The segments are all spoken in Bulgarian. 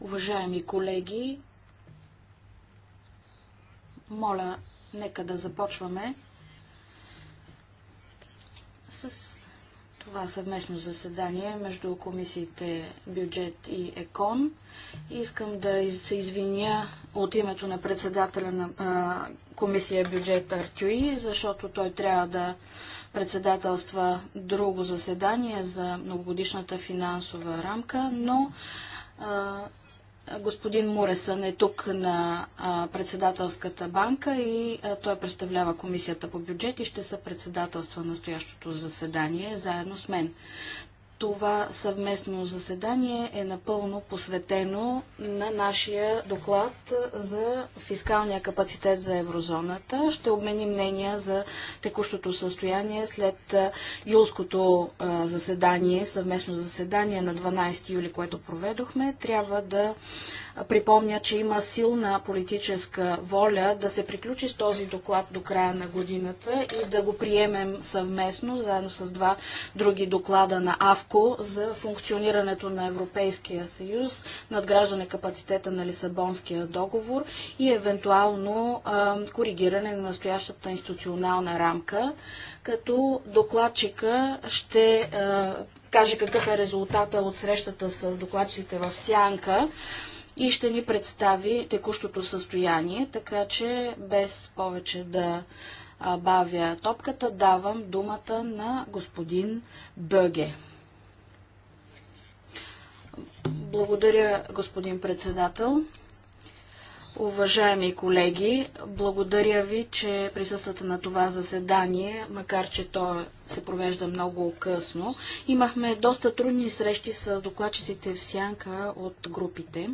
Уважаеми колеги, моля, нека да започваме с това съвместно заседание между комисиите бюджет и ЕКОН. Искам да се извиня от името на председателя на комисия бюджет Артюи, защото той трябва да председателства друго заседание за многогодишната финансова рамка, но а, господин Муресън е тук на а, председателската банка и а, той представлява комисията по бюджет и ще се председателства настоящото заседание заедно с мен това съвместно заседание е напълно посветено на нашия доклад за фискалния капацитет за еврозоната. Ще обменим мнения за текущото състояние след юлското заседание, съвместно заседание на 12 юли, което проведохме. Трябва да припомня, че има силна политическа воля да се приключи с този доклад до края на годината и да го приемем съвместно, заедно с два други доклада на АВКО кратко за функционирането на Европейския съюз, надграждане капацитета на Лисабонския договор и евентуално а, коригиране на настоящата институционална рамка, като докладчика ще а, каже какъв е резултата от срещата с докладчиците в Сянка и ще ни представи текущото състояние, така че без повече да бавя топката, давам думата на господин Бъге. Благодаря, господин председател. Уважаеми колеги, благодаря ви, че присъствате на това заседание, макар че то се провежда много късно. Имахме доста трудни срещи с докладчиците в сянка от групите,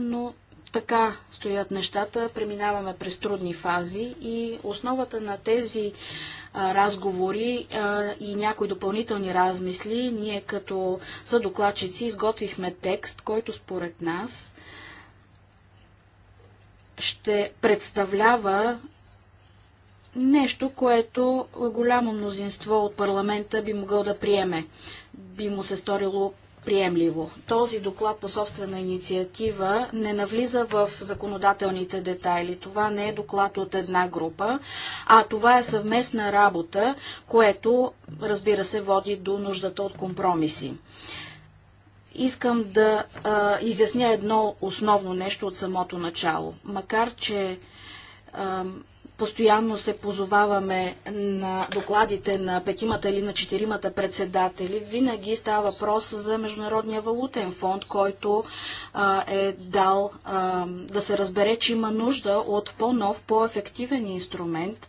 но така стоят нещата, преминаваме през трудни фази и основата на тези разговори и някои допълнителни размисли, ние като съдокладчици изготвихме текст, който според нас ще представлява нещо, което голямо мнозинство от парламента би могъл да приеме. Би му се сторило приемливо. Този доклад по собствена инициатива не навлиза в законодателните детайли. Това не е доклад от една група, а това е съвместна работа, което, разбира се, води до нуждата от компромиси. Искам да а, изясня едно основно нещо от самото начало. Макар, че постоянно се позоваваме на докладите на петимата или на четиримата председатели, винаги става въпрос за Международния валутен фонд, който а, е дал а, да се разбере, че има нужда от по-нов, по-ефективен инструмент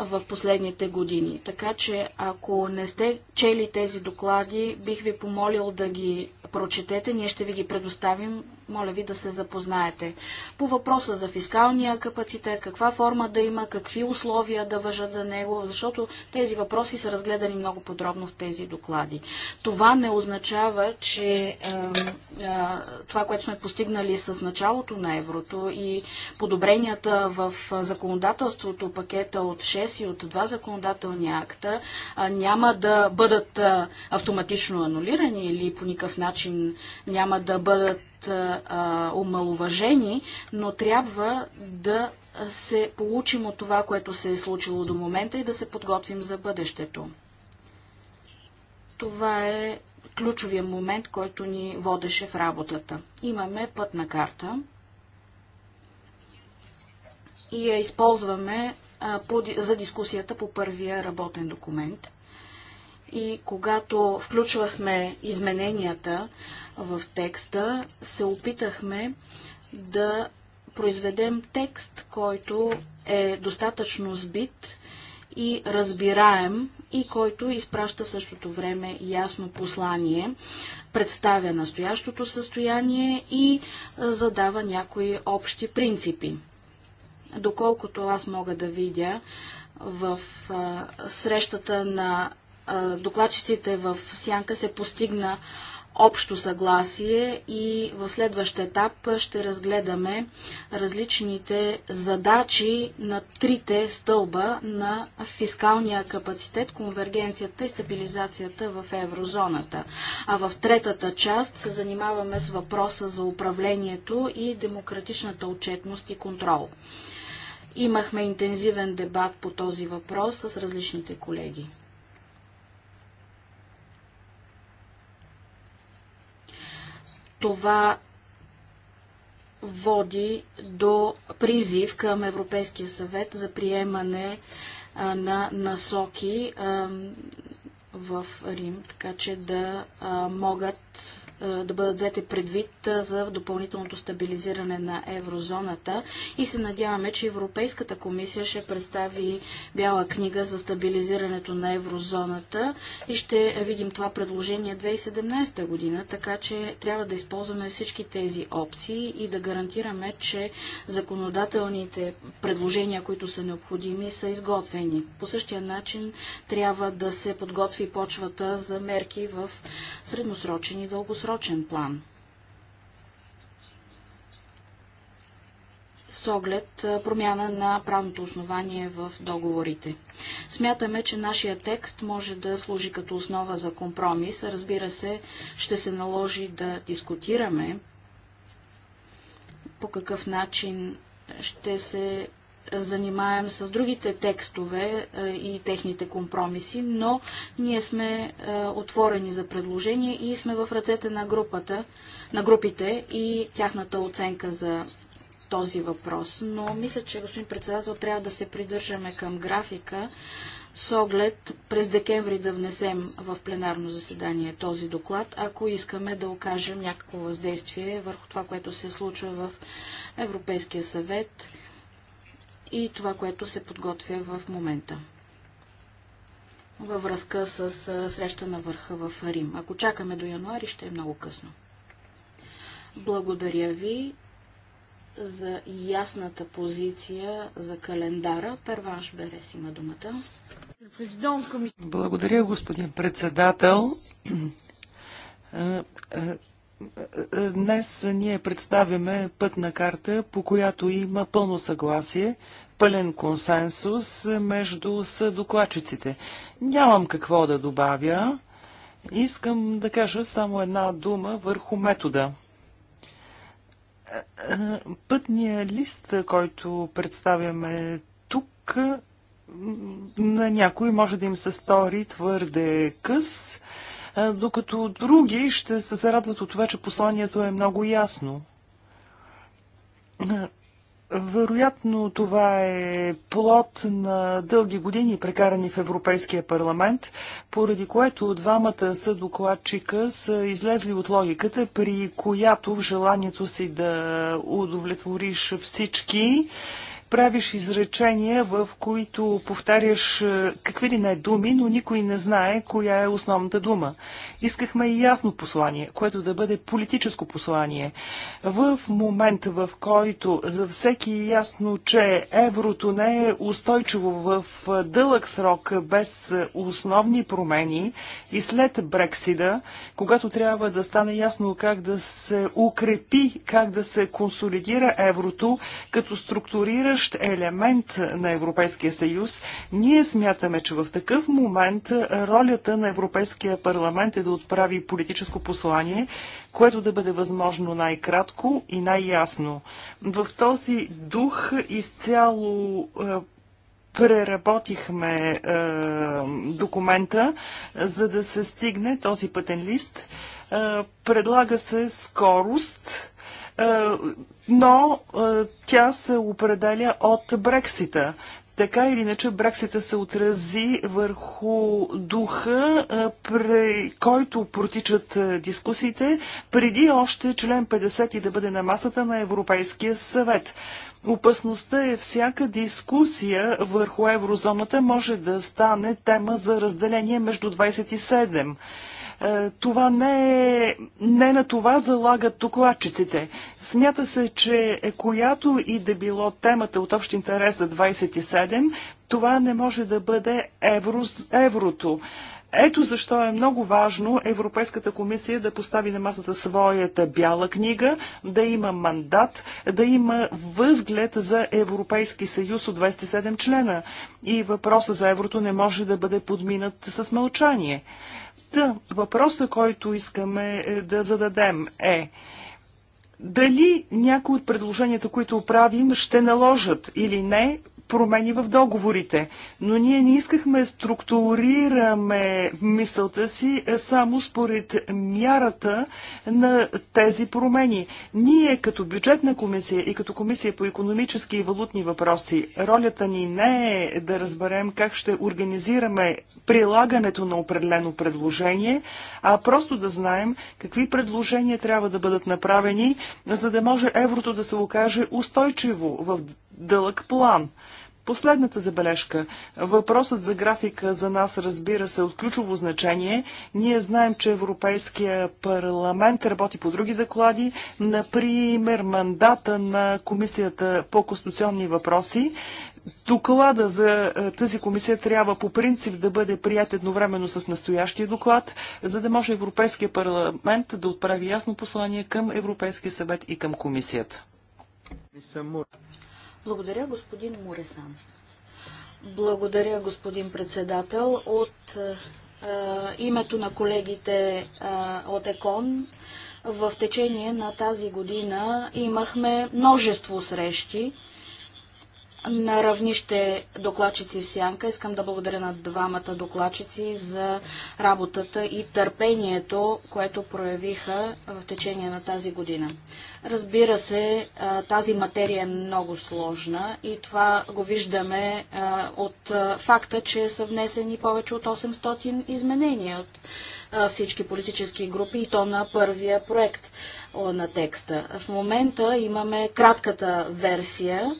в последните години. Така че, ако не сте чели тези доклади, бих ви помолил да ги прочетете. Ние ще ви ги предоставим моля ви да се запознаете. По въпроса за фискалния капацитет, каква форма да има, какви условия да въжат за него, защото тези въпроси са разгледани много подробно в тези доклади. Това не означава, че е, е, това, което сме постигнали с началото на еврото и подобренията в законодателството, пакета от 6 и от 2 законодателни акта, е, няма да бъдат автоматично анулирани или по никакъв начин няма да бъдат а, омалуважени, но трябва да се получим от това, което се е случило до момента и да се подготвим за бъдещето. Това е ключовия момент, който ни водеше в работата. Имаме пътна карта и я използваме а, по, за дискусията по първия работен документ. И когато включвахме измененията, в текста се опитахме да произведем текст, който е достатъчно сбит и разбираем и който изпраща в същото време ясно послание, представя настоящото състояние и задава някои общи принципи. Доколкото аз мога да видя в срещата на докладчиците в Сянка се постигна общо съгласие и в следващ етап ще разгледаме различните задачи на трите стълба на фискалния капацитет, конвергенцията и стабилизацията в еврозоната. А в третата част се занимаваме с въпроса за управлението и демократичната отчетност и контрол. Имахме интензивен дебат по този въпрос с различните колеги. Това води до призив към Европейския съвет за приемане на насоки в Рим, така че да могат да бъдат взете предвид за допълнителното стабилизиране на еврозоната и се надяваме, че Европейската комисия ще представи бяла книга за стабилизирането на еврозоната и ще видим това предложение 2017 година, така че трябва да използваме всички тези опции и да гарантираме, че законодателните предложения, които са необходими, са изготвени. По същия начин трябва да се подготви почвата за мерки в средносрочен и дългосрочен дългосрочен план. с оглед промяна на правното основание в договорите. Смятаме, че нашия текст може да служи като основа за компромис. Разбира се, ще се наложи да дискутираме по какъв начин ще се занимаем с другите текстове е, и техните компромиси, но ние сме е, отворени за предложения и сме в ръцете на, групата, на групите и тяхната оценка за този въпрос. Но мисля, че, господин председател, трябва да се придържаме към графика с оглед през декември да внесем в пленарно заседание този доклад, ако искаме да окажем някакво въздействие върху това, което се случва в Европейския съвет и това, което се подготвя в момента във връзка с среща на върха в Рим. Ако чакаме до януари, ще е много късно. Благодаря ви за ясната позиция за календара. Перванш Берес има думата. Благодаря, господин председател. Днес ние представяме пътна карта, по която има пълно съгласие, пълен консенсус между съдокладчиците. Нямам какво да добавя. Искам да кажа само една дума върху метода. Пътният лист, който представяме тук, на някой може да им се стори твърде къс докато други ще се зарадват от това, че посланието е много ясно. Вероятно това е плод на дълги години прекарани в Европейския парламент, поради което двамата съдокладчика са излезли от логиката, при която в желанието си да удовлетвориш всички правиш изречения, в които повтаряш е, какви ли не думи, но никой не знае коя е основната дума. Искахме и ясно послание, което да бъде политическо послание. В момента, в който за всеки е ясно, че еврото не е устойчиво в е, дълъг срок без е, основни промени и след Брексида, когато трябва да стане ясно как да се укрепи, как да се консолидира еврото, като структурира водещ елемент на Европейския съюз. Ние смятаме, че в такъв момент ролята на Европейския парламент е да отправи политическо послание, което да бъде възможно най-кратко и най-ясно. В този дух изцяло е, преработихме е, документа, за да се стигне този пътен лист. Е, предлага се скорост. Е, но е, тя се определя от Брексита. Така или иначе Брексита се отрази върху духа, е, при който протичат е, дискусиите, преди още член 50 да бъде на масата на Европейския съвет. Опасността е всяка дискусия върху еврозоната може да стане тема за разделение между 27. Е, това не е, не на това залагат докладчиците. Смята се, че която и да било темата от общ интерес за 27, това не може да бъде евро, еврото. Ето защо е много важно Европейската комисия да постави на масата своята бяла книга, да има мандат, да има възглед за Европейски съюз от 27 члена. И въпроса за еврото не може да бъде подминат с мълчание. Та, въпроса, който искаме е, да зададем е дали някои от предложенията, които правим, ще наложат или не промени в договорите. Но ние не искахме структурираме мисълта си е, само според мярата на тези промени. Ние като бюджетна комисия и като комисия по економически и валутни въпроси, ролята ни не е да разберем как ще организираме прилагането на определено предложение, а просто да знаем какви предложения трябва да бъдат направени, за да може еврото да се окаже устойчиво в дълъг план. Последната забележка. Въпросът за графика за нас разбира се е от ключово значение. Ние знаем, че Европейския парламент работи по други доклади, например мандата на Комисията по конституционни въпроси. Доклада за е, тази комисия трябва по принцип да бъде прият едновременно с настоящия доклад, за да може Европейския парламент да отправи ясно послание към Европейския съвет и към комисията. Благодаря, господин Муресан. Благодаря, господин председател. От е, е, името на колегите е, от ЕКОН в течение на тази година имахме множество срещи на равнище докладчици в Сянка. Искам да благодаря на двамата докладчици за работата и търпението, което проявиха в течение на тази година. Разбира се, тази материя е много сложна и това го виждаме от факта, че са внесени повече от 800 изменения от всички политически групи и то на първия проект на текста. В момента имаме кратката версия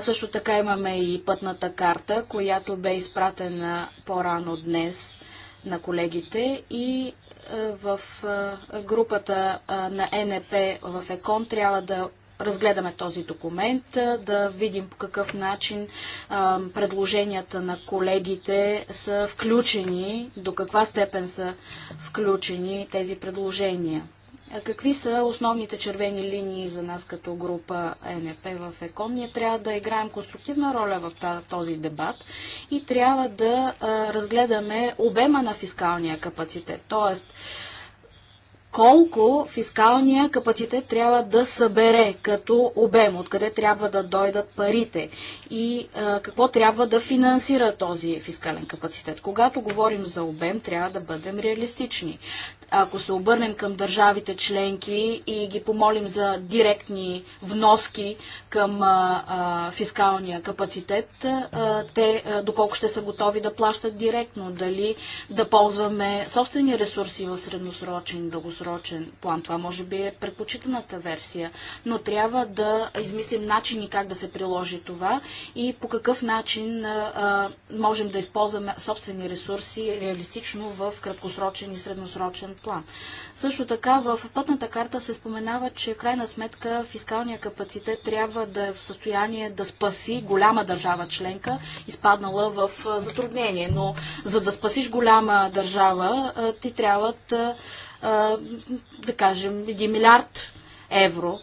също така имаме и пътната карта, която бе изпратена по-рано днес на колегите и в групата на НП в ЕКОН трябва да разгледаме този документ, да видим по какъв начин предложенията на колегите са включени, до каква степен са включени тези предложения. Какви са основните червени линии за нас като група е НФ в ЕКОН? Ние трябва да играем конструктивна роля в този дебат и трябва да разгледаме обема на фискалния капацитет. Тоест, колко фискалния капацитет трябва да събере като обем, откъде трябва да дойдат парите и какво трябва да финансира този фискален капацитет. Когато говорим за обем, трябва да бъдем реалистични ако се обърнем към държавите членки и ги помолим за директни вноски към а, а, фискалния капацитет, а, те доколко ще са готови да плащат директно, дали да ползваме собствени ресурси в средносрочен, дългосрочен план. Това може би е предпочитаната версия, но трябва да измислим начини как да се приложи това и по какъв начин можем да използваме собствени ресурси реалистично в краткосрочен и средносрочен план. Също така в пътната карта се споменава, че в крайна сметка фискалния капацитет трябва да е в състояние да спаси голяма държава членка, изпаднала в затруднение. Но за да спасиш голяма държава, ти трябва, да, да кажем, 1 милиард евро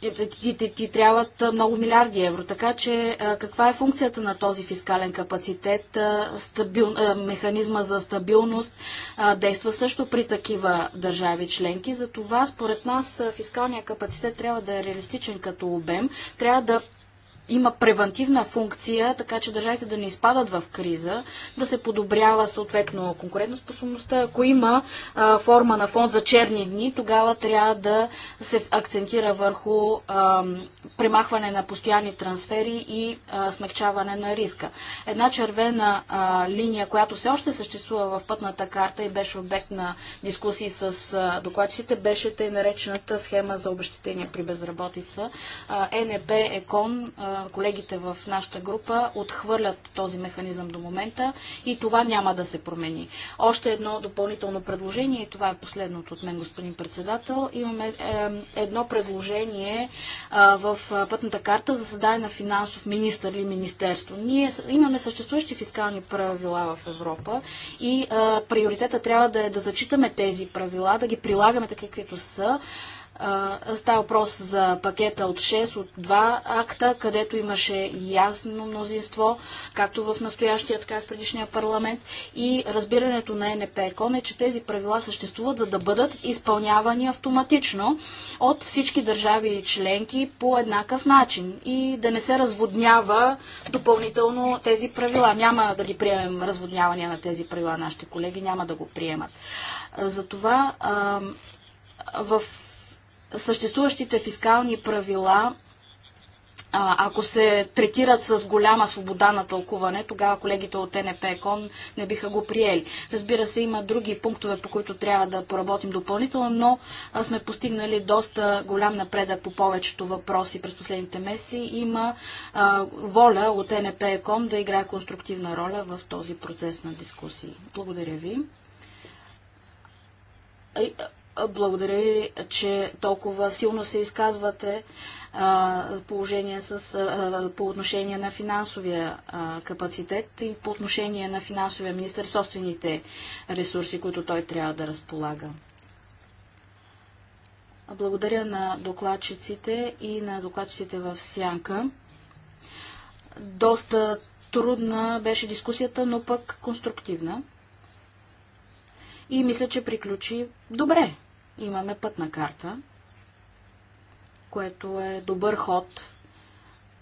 ти, ти, ти трябват много милиарди евро. Така че каква е функцията на този фискален капацитет? Стабил, механизма за стабилност действа също при такива държави членки. Затова, според нас, фискалният капацитет трябва да е реалистичен като обем. Трябва да има превентивна функция, така че държавите да не изпадат в криза, да се подобрява съответно конкурентоспособността. Ако има а, форма на фонд за черни дни, тогава трябва да се акцентира върху а, премахване на постоянни трансфери и а, смягчаване на риска. Една червена а, линия, която все още съществува в пътната карта и беше обект на дискусии с а, докладчите, беше тъй наречената схема за обещетение при безработица. А, НП, ЕКОН, а, колегите в нашата група отхвърлят този механизъм до момента и това няма да се промени. Още едно допълнително предложение, и това е последното от мен, господин председател. Имаме едно предложение е, в е, пътната карта за създаване на финансов министър или министерство. Ние имаме съществуващи фискални правила в Европа и е, приоритета трябва да е да зачитаме тези правила, да ги прилагаме така, каквито са, Става въпрос за пакета от 6, от 2 акта, където имаше ясно мнозинство, както в настоящия, така и в предишния парламент. И разбирането на НП Екон е, че тези правила съществуват, за да бъдат изпълнявани автоматично от всички държави и членки по еднакъв начин и да не се разводнява допълнително тези правила. Няма да ги приемем разводнявания на тези правила, нашите колеги няма да го приемат. Затова в съществуващите фискални правила, ако се третират с голяма свобода на тълкуване, тогава колегите от НП ЕКОН не биха го приели. Разбира се, има други пунктове, по които трябва да поработим допълнително, но сме постигнали доста голям напредък по повечето въпроси през последните месеци. Има воля от НП ЕКОН да играе конструктивна роля в този процес на дискусии. Благодаря ви благодаря, ви, че толкова силно се изказвате положение с, по отношение на финансовия капацитет и по отношение на финансовия министр собствените ресурси, които той трябва да разполага. Благодаря на докладчиците и на докладчиците в Сянка. Доста трудна беше дискусията, но пък конструктивна. И мисля, че приключи добре имаме пътна карта, което е добър ход,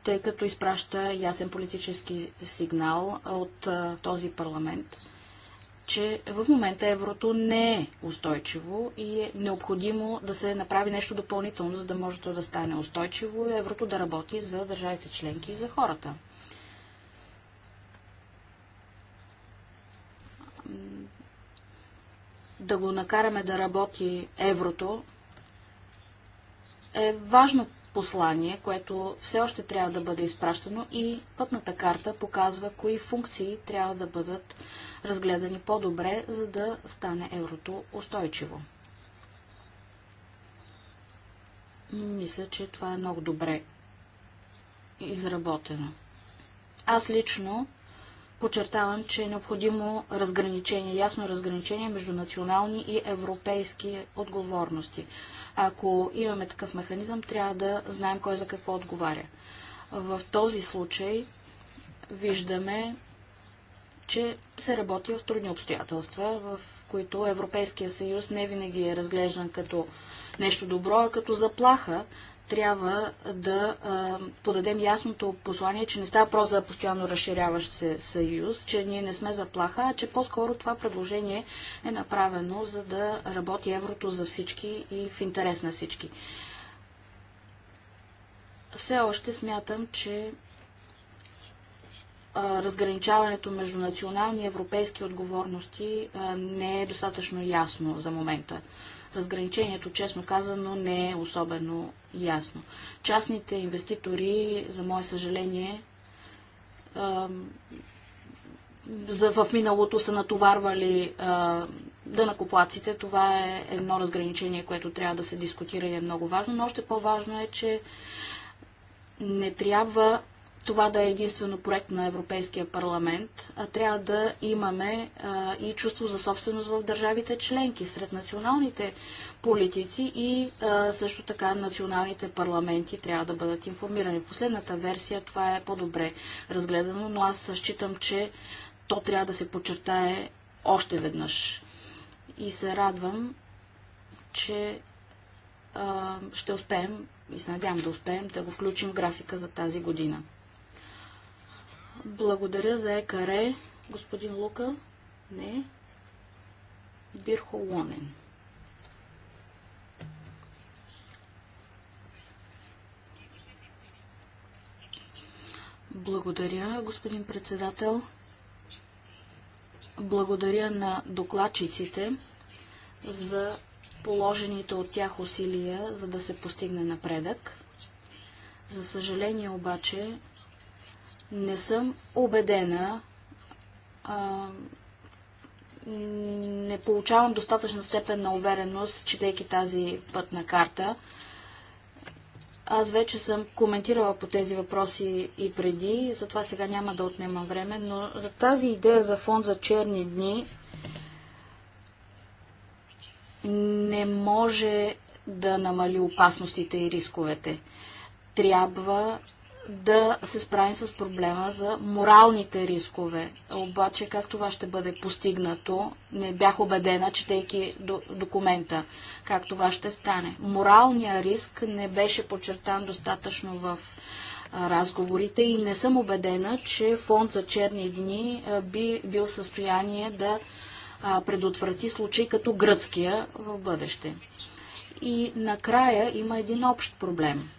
тъй като изпраща ясен политически сигнал от този парламент, че в момента еврото не е устойчиво и е необходимо да се направи нещо допълнително, за да може то да стане устойчиво и еврото да работи за държавите членки и за хората. да го накараме да работи еврото, е важно послание, което все още трябва да бъде изпращано и пътната карта показва кои функции трябва да бъдат разгледани по-добре, за да стане еврото устойчиво. Мисля, че това е много добре изработено. Аз лично Подчертавам, че е необходимо разграничение, ясно разграничение между национални и европейски отговорности. Ако имаме такъв механизъм, трябва да знаем кой за какво отговаря. В този случай виждаме, че се работи в трудни обстоятелства, в които Европейския съюз не винаги е разглеждан като нещо добро, а като заплаха трябва да а, подадем ясното послание, че не става про за постоянно разширяващ се съюз, че ние не сме заплаха, а че по-скоро това предложение е направено за да работи еврото за всички и в интерес на всички. Все още смятам, че разграничаването между национални и европейски отговорности не е достатъчно ясно за момента разграничението, честно казано, не е особено ясно. Частните инвеститори, за мое съжаление, в миналото са натоварвали дънакоплаците. Това е едно разграничение, което трябва да се дискутира и е много важно, но още по-важно е, че не трябва това да е единствено проект на Европейския парламент, а трябва да имаме а, и чувство за собственост в държавите членки, сред националните политици и а, също така националните парламенти трябва да бъдат информирани. В последната версия това е по-добре разгледано, но аз считам, че то трябва да се подчертае още веднъж. И се радвам, че а, ще успеем и се надявам да успеем да го включим в графика за тази година. Благодаря за Екаре. Господин Лука? Не. Бирхо Лонен. Благодаря, господин председател. Благодаря на докладчиците за положените от тях усилия, за да се постигне напредък. За съжаление обаче, не съм убедена. А, не получавам достатъчна степен на увереност, четейки тази пътна карта. Аз вече съм коментирала по тези въпроси и преди, затова сега няма да отнема време, но за тази идея за фонд за черни дни не може да намали опасностите и рисковете. Трябва да се справим с проблема за моралните рискове. Обаче как това ще бъде постигнато, не бях убедена, четейки документа, как това ще стане. Моралният риск не беше подчертан достатъчно в разговорите и не съм убедена, че фонд за черни дни би бил в състояние да предотврати случаи като гръцкия в бъдеще. И накрая има един общ проблем –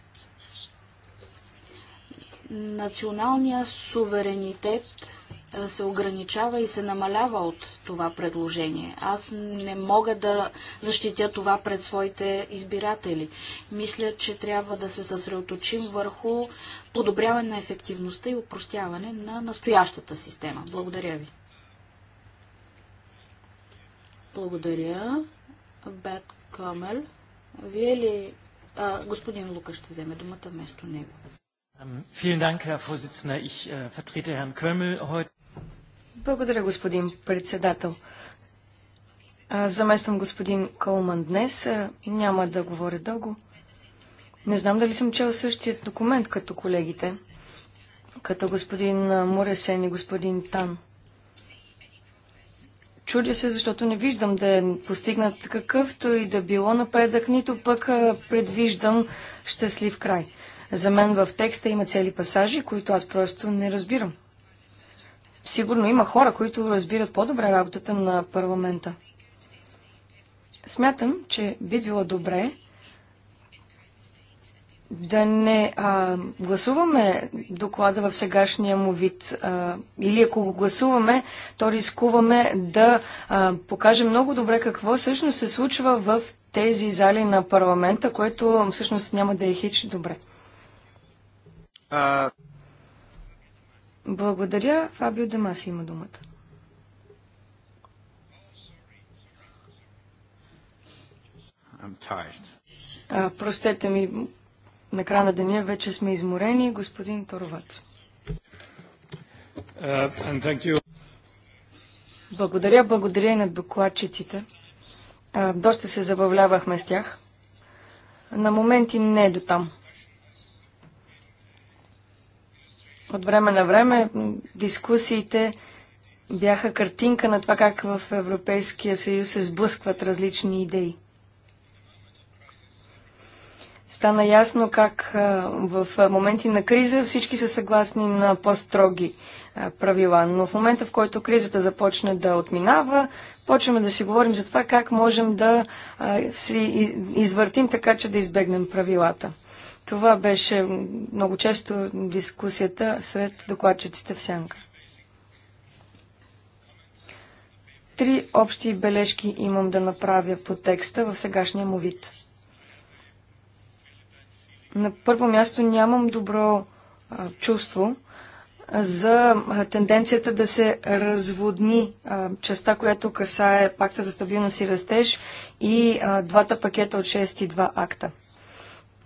националния суверенитет се ограничава и се намалява от това предложение. Аз не мога да защитя това пред своите избиратели. Мисля, че трябва да се съсредоточим върху подобряване на ефективността и упростяване на настоящата система. Благодаря ви. Благодаря. Бет Камел. Вие ли... А, господин Лука ще вземе думата вместо него. Äh, Благодаря, господин председател. Замествам господин Колман днес. Няма да говоря дълго. Не знам дали съм чел същия документ като колегите, като господин Моресен и господин Тан. Чудя се, защото не виждам да е постигнат какъвто и да било напредък, нито пък предвиждам щастлив край. За мен в текста има цели пасажи, които аз просто не разбирам. Сигурно има хора, които разбират по-добре работата на парламента. Смятам, че би било добре да не а, гласуваме доклада в сегашния му вид. А, или ако го гласуваме, то рискуваме да а, покажем много добре какво всъщност се случва в тези зали на парламента, което всъщност няма да е хич добре. А... Благодаря. Фабио Демаси има думата. А, простете ми, на края на деня вече сме изморени. Господин Торовац. Uh, благодаря, благодаря и на докладчиците. А, доста се забавлявахме с тях. На моменти не е до там. От време на време дискусиите бяха картинка на това как в Европейския съюз се сблъскват различни идеи. Стана ясно как в моменти на криза всички са съгласни на по-строги правила. Но в момента, в който кризата започне да отминава, почваме да си говорим за това как можем да се извъртим така, че да избегнем правилата. Това беше много често дискусията сред докладчиците в сянка. Три общи бележки имам да направя по текста в сегашния му вид. На първо място нямам добро а, чувство за тенденцията да се разводни а, частта, която касае пакта за стабилност и растеж и а, двата пакета от 6 и 2 акта.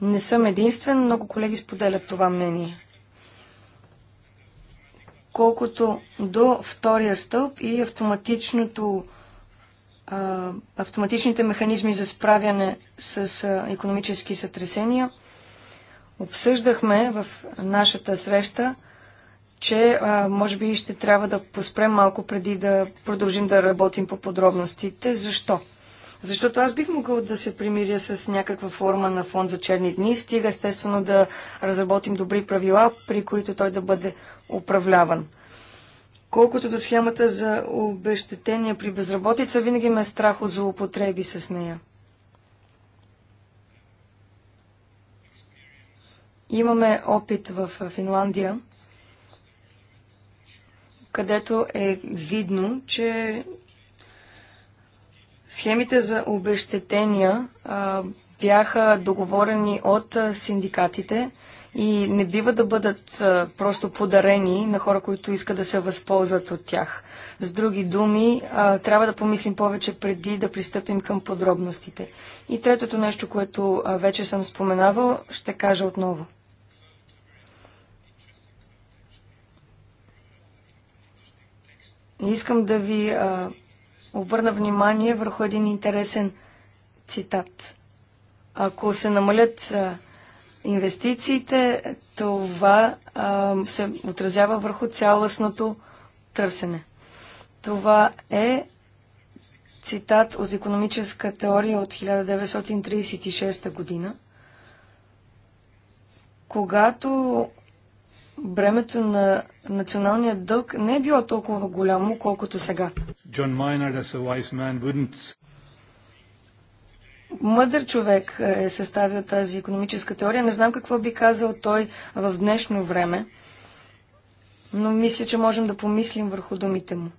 Не съм единствен, много колеги споделят това мнение. Колкото до втория стълб и автоматичното автоматичните механизми за справяне с економически сътресения, обсъждахме в нашата среща, че може би ще трябва да поспрем малко преди да продължим да работим по подробностите. Защо? Защото аз бих могъл да се примиря с някаква форма на фонд за черни дни, стига естествено да разработим добри правила, при които той да бъде управляван. Колкото до схемата за обещетения при безработица, винаги ме е страх от злоупотреби с нея. Имаме опит в Финландия, където е видно, че Схемите за обещетения бяха договорени от синдикатите и не бива да бъдат просто подарени на хора, които искат да се възползват от тях. С други думи, трябва да помислим повече преди да пристъпим към подробностите. И третото нещо, което вече съм споменавал, ще кажа отново. Искам да ви а, обърна внимание върху един интересен цитат. Ако се намалят инвестициите, това а, се отразява върху цялостното търсене. Това е цитат от економическа теория от 1936 година, когато бремето на националния дълг не е било толкова голямо, колкото сега. John Maynard, as a wise man, wouldn't... Мъдър човек е, е съставил тази економическа теория. Не знам какво би казал той в днешно време, но мисля, че можем да помислим върху думите му.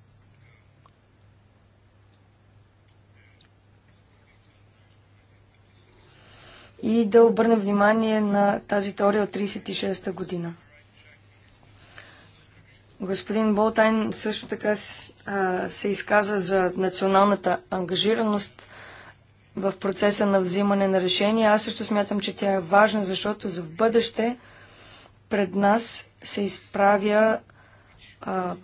и да обърнем внимание на тази теория от 36-та година. Господин Болтайн също така се изказа за националната ангажираност в процеса на взимане на решения. Аз също смятам, че тя е важна, защото за в бъдеще пред нас се изправя а,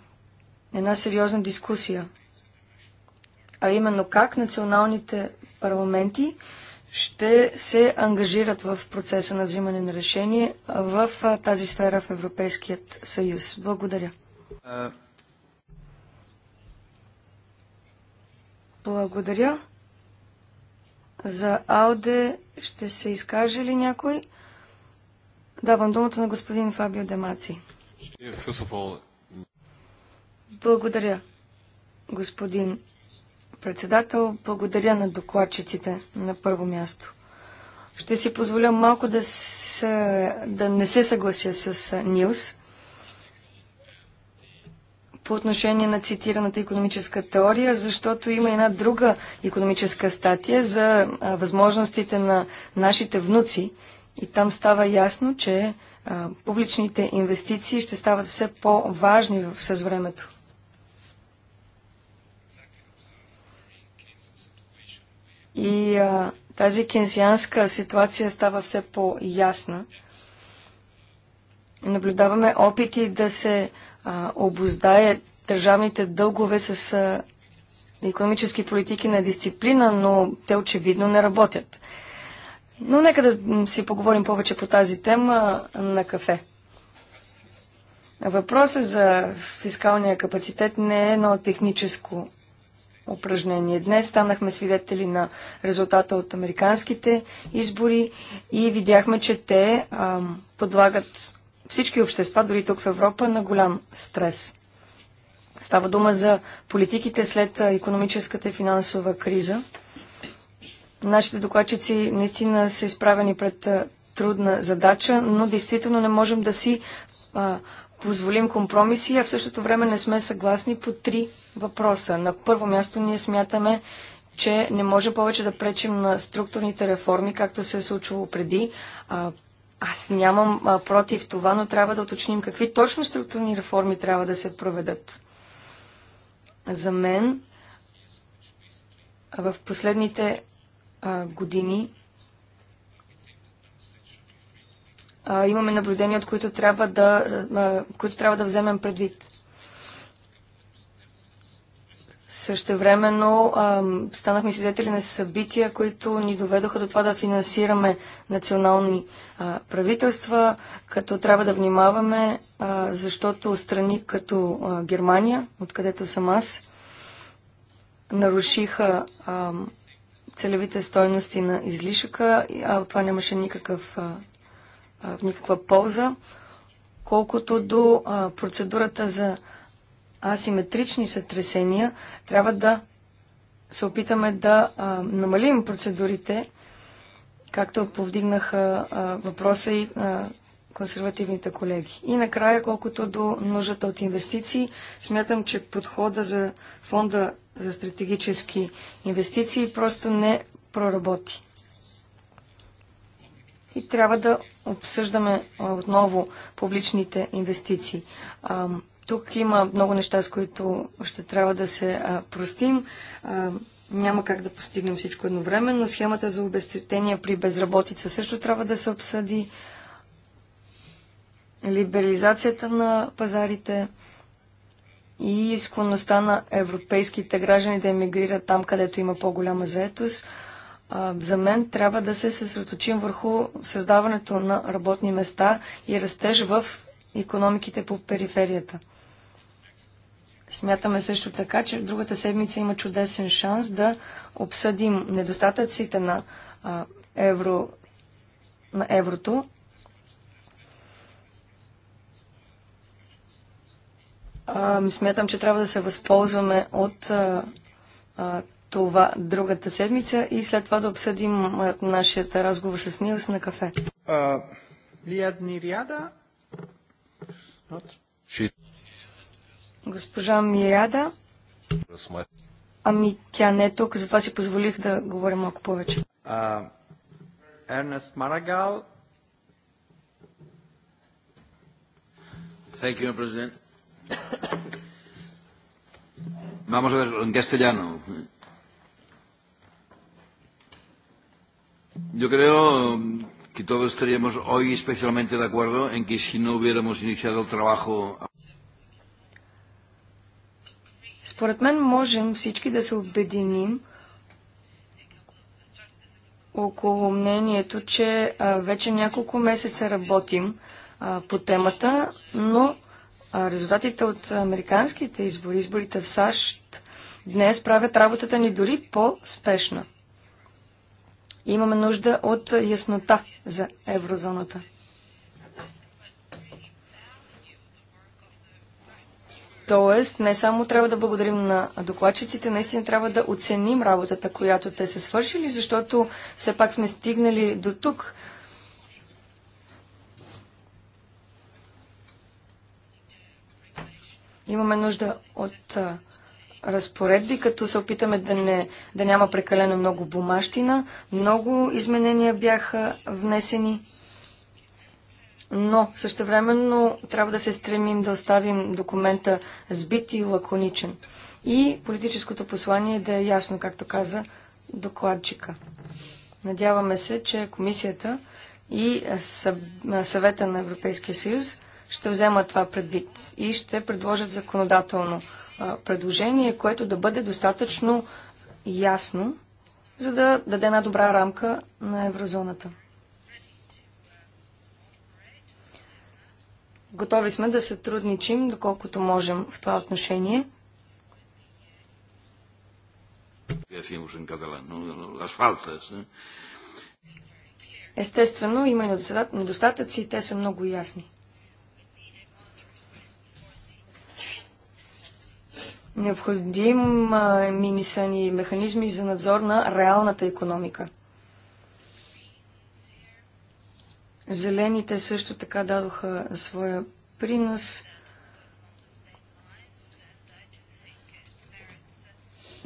една сериозна дискусия. А именно как националните парламенти ще се ангажират в процеса на взимане на решение в тази сфера в Европейският съюз. Благодаря. Благодаря. За Ауде ще се изкаже ли някой? Давам думата на господин Фабио Демаци. Благодаря, господин председател. Благодаря на докладчиците на първо място. Ще си позволя малко да, се, да не се съглася с Нилс по отношение на цитираната економическа теория, защото има една друга економическа статия за възможностите на нашите внуци и там става ясно, че публичните инвестиции ще стават все по-важни с времето. И а, тази кенсианска ситуация става все по-ясна наблюдаваме опити да се а, обоздае държавните дългове с а, економически политики на дисциплина, но те очевидно не работят. Но нека да си поговорим повече по тази тема на кафе. Въпросът за фискалния капацитет не е едно техническо упражнение. Днес станахме свидетели на резултата от американските избори и видяхме, че те а, подлагат всички общества, дори тук в Европа, на голям стрес. Става дума за политиките след економическата и финансова криза. Нашите докладчици наистина са изправени пред трудна задача, но действително не можем да си а, позволим компромиси, а в същото време не сме съгласни по три въпроса. На първо място ние смятаме, че не може повече да пречим на структурните реформи, както се е случвало преди. А, аз нямам а, против това, но трябва да уточним какви точно структурни реформи трябва да се проведат. За мен в последните а, години а, имаме наблюдения, от които трябва да, а, които трябва да вземем предвид. Същевременно времено станахме свидетели на събития, които ни доведоха до това да финансираме национални а, правителства, като трябва да внимаваме, а, защото страни като а, Германия, откъдето съм аз, нарушиха целевите стойности на излишъка, а от това нямаше никакъв, а, а, никаква полза. Колкото до а, процедурата за асиметрични сътресения, трябва да се опитаме да а, намалим процедурите, както повдигнаха а, въпроса и а, консервативните колеги. И накрая, колкото до нуждата от инвестиции, смятам, че подхода за фонда за стратегически инвестиции просто не проработи. И трябва да обсъждаме отново публичните инвестиции. Тук има много неща, с които ще трябва да се а, простим. А, няма как да постигнем всичко едновременно. Схемата за обезщетение при безработица също трябва да се обсъди. Либерализацията на пазарите и склонността на европейските граждани да емигрират там, където има по-голяма заетост. За мен трябва да се съсредоточим върху създаването на работни места и растеж в економиките по периферията. Смятаме също така, че другата седмица има чудесен шанс да обсъдим недостатъците на, а, евро, на еврото. А, смятам, че трябва да се възползваме от а, а, това другата седмица и след това да обсъдим нашия разговор с Нилс на кафе. Лиад Нириада? Госпожа Миряда. Ами тя не е тук, затова си позволих да говоря малко повече. Ернест Марагал. Thank you, President. Vamos a ver, en castellano. Yo creo que todos estaríamos hoy especialmente de acuerdo en que si no hubiéramos iniciado el trabajo Според мен можем всички да се обединим около мнението, че вече няколко месеца работим по темата, но резултатите от американските избори, изборите в САЩ, днес правят работата ни дори по-спешна. Имаме нужда от яснота за еврозоната. Тоест, не само трябва да благодарим на докладчиците, наистина трябва да оценим работата, която те са свършили, защото все пак сме стигнали до тук. Имаме нужда от а, разпоредби, като се опитаме да, не, да няма прекалено много бумащина. Много изменения бяха внесени но същевременно трябва да се стремим да оставим документа сбит и лаконичен. И политическото послание да е ясно, както каза докладчика. Надяваме се, че комисията и съвета на Европейския съюз ще вземат това предвид и ще предложат законодателно предложение, което да бъде достатъчно ясно, за да даде една добра рамка на еврозоната. Готови сме да сътрудничим, доколкото можем в това отношение. Естествено, има и недостатъци и те са много ясни. Необходим е ми са ни механизми за надзор на реалната економика. Зелените също така дадоха своя принос.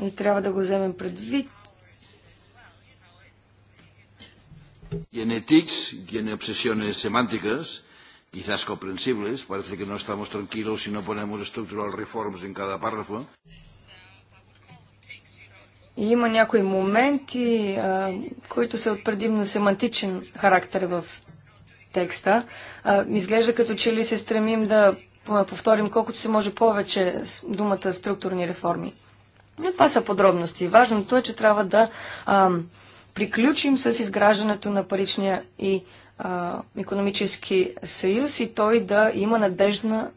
И трябва да го вземем предвид. Genetics tiene obsesiones semánticas, quizás comprensibles. Parece que no estamos tranquilos si no ponemos structural reforms en cada párrafo. И има някои моменти, а, които са от предимно семантичен характер в текста. А, изглежда като че ли се стремим да повторим колкото се може повече думата структурни реформи. Но това са подробности. Важното е, че трябва да а, приключим с изграждането на паричния и а, економически съюз и той да има надежна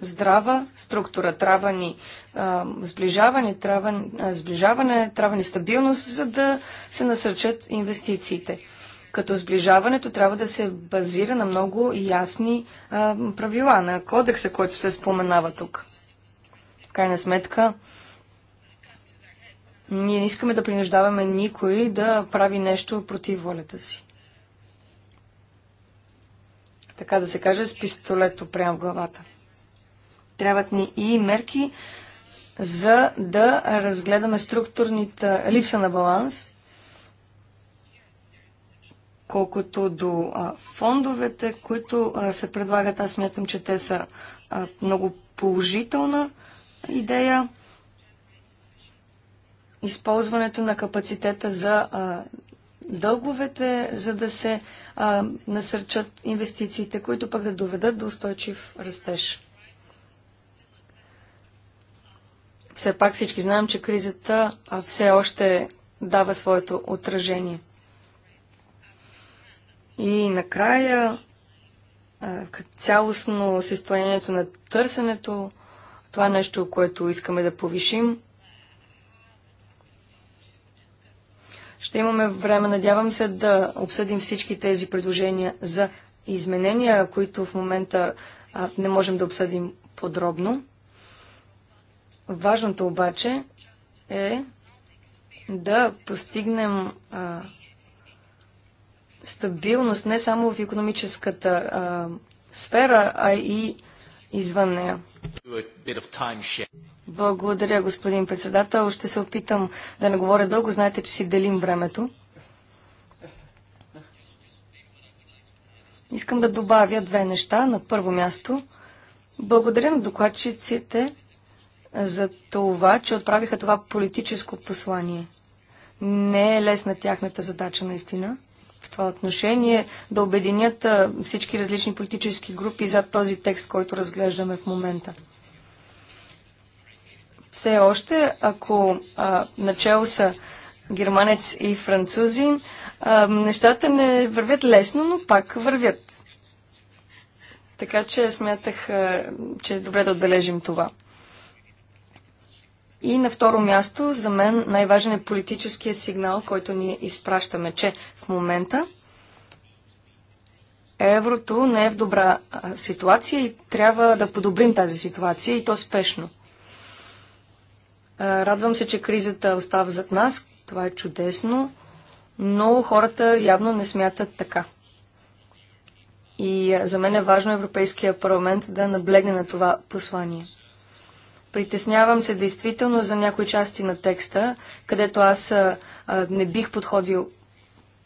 здрава структура. Трябва ни а, сближаване, трябва, а, сближаване, трябва ни стабилност, за да се насърчат инвестициите като сближаването трябва да се базира на много ясни а, правила, на кодекса, който се споменава тук. В крайна сметка, ние не искаме да принуждаваме никой да прави нещо против волята си. Така да се каже, с пистолето прямо в главата. Трябват ни и мерки, за да разгледаме структурните липса на баланс Колкото до а, фондовете, които а, се предлагат, аз смятам, че те са а, много положителна идея. Използването на капацитета за а, дълговете, за да се а, насърчат инвестициите, които пък да доведат до устойчив растеж. Все пак всички знаем, че кризата а, все още дава своето отражение. И накрая цялостно състоянието на търсенето, това е нещо, което искаме да повишим. Ще имаме време, надявам се, да обсъдим всички тези предложения за изменения, които в момента не можем да обсъдим подробно. Важното обаче е да постигнем а, стабилност не само в економическата а, сфера, а и извън нея. Благодаря, господин председател. Ще се опитам да не говоря дълго. Знаете, че си делим времето. Искам да добавя две неща. На първо място, благодаря на докладчиците за това, че отправиха това политическо послание. Не е лесна тяхната задача, наистина в това отношение, да обединят всички различни политически групи зад този текст, който разглеждаме в момента. Все още, ако а, начало са германец и французин, а, нещата не вървят лесно, но пак вървят. Така че смятах, а, че е добре да отбележим това. И на второ място, за мен най-важен е политическия сигнал, който ние изпращаме, че в момента еврото не е в добра ситуация и трябва да подобрим тази ситуация и то спешно. Радвам се, че кризата остава зад нас. Това е чудесно, но хората явно не смятат така. И за мен е важно Европейския парламент да наблегне на това послание. Притеснявам се действително за някои части на текста, където аз а, не бих подходил